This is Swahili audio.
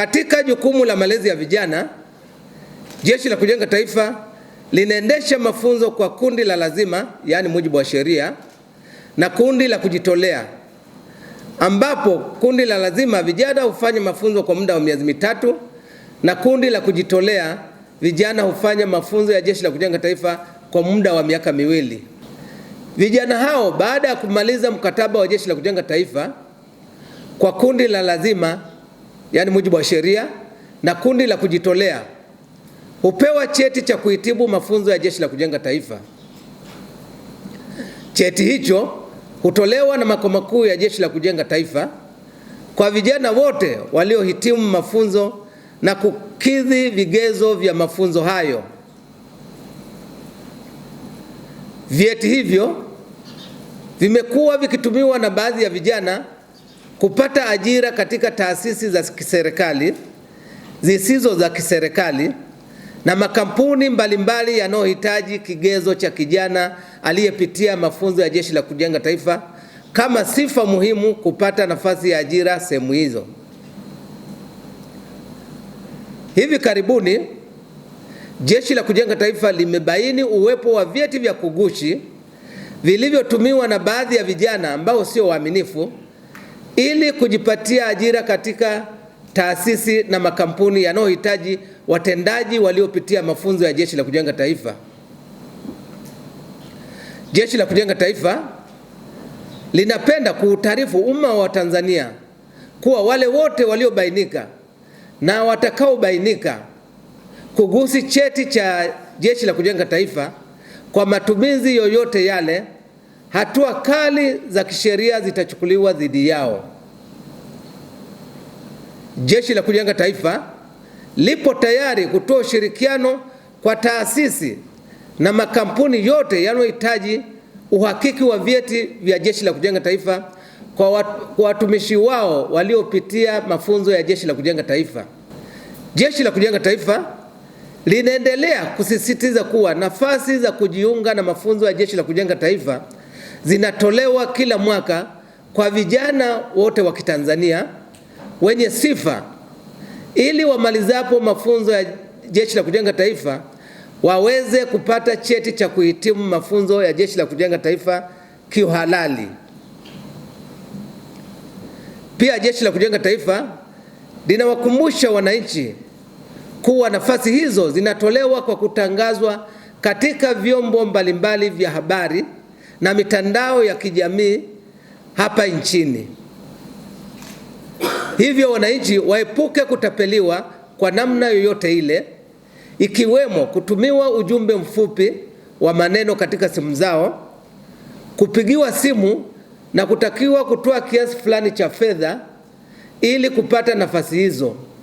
Katika jukumu la malezi ya vijana, Jeshi la Kujenga Taifa linaendesha mafunzo kwa kundi la lazima, yaani mujibu wa sheria, na kundi la kujitolea, ambapo kundi la lazima vijana hufanya mafunzo kwa muda wa miezi mitatu na kundi la kujitolea vijana hufanya mafunzo ya Jeshi la Kujenga Taifa kwa muda wa miaka miwili. Vijana hao baada ya kumaliza mkataba wa Jeshi la Kujenga Taifa kwa kundi la lazima yani mujibu wa sheria, na kundi la kujitolea hupewa cheti cha kuhitimu mafunzo ya Jeshi la Kujenga Taifa. Cheti hicho hutolewa na makao makuu ya Jeshi la Kujenga Taifa kwa vijana wote waliohitimu mafunzo na kukidhi vigezo vya mafunzo hayo. Vyeti hivyo vimekuwa vikitumiwa na baadhi ya vijana kupata ajira katika taasisi za kiserikali, zisizo za kiserikali na makampuni mbalimbali yanayohitaji kigezo cha kijana aliyepitia mafunzo ya Jeshi la Kujenga Taifa kama sifa muhimu kupata nafasi ya ajira sehemu hizo. Hivi karibuni Jeshi la Kujenga Taifa limebaini uwepo wa vyeti vya kugushi vilivyotumiwa na baadhi ya vijana ambao sio waaminifu ili kujipatia ajira katika taasisi na makampuni yanayohitaji watendaji waliopitia mafunzo ya Jeshi la Kujenga Taifa. Jeshi la Kujenga Taifa linapenda kuutaarifu umma wa Tanzania kuwa wale wote waliobainika na watakaobainika kugusi cheti cha Jeshi la Kujenga Taifa kwa matumizi yoyote yale hatua kali za kisheria zitachukuliwa dhidi yao. Jeshi la Kujenga Taifa lipo tayari kutoa ushirikiano kwa taasisi na makampuni yote yanayohitaji uhakiki wa vyeti vya Jeshi la Kujenga Taifa kwa watumishi wao waliopitia mafunzo ya Jeshi la Kujenga Taifa. Jeshi la Kujenga Taifa linaendelea kusisitiza kuwa nafasi za kujiunga na mafunzo ya Jeshi la Kujenga Taifa zinatolewa kila mwaka kwa vijana wote wa Kitanzania wenye sifa ili wamalizapo mafunzo ya Jeshi la Kujenga Taifa waweze kupata cheti cha kuhitimu mafunzo ya Jeshi la Kujenga Taifa kiuhalali. Pia Jeshi la Kujenga Taifa linawakumbusha wananchi kuwa nafasi hizo zinatolewa kwa kutangazwa katika vyombo mbalimbali vya habari na mitandao ya kijamii hapa nchini. Hivyo wananchi waepuke kutapeliwa kwa namna yoyote ile, ikiwemo kutumiwa ujumbe mfupi wa maneno katika simu zao, kupigiwa simu na kutakiwa kutoa kiasi fulani cha fedha ili kupata nafasi hizo.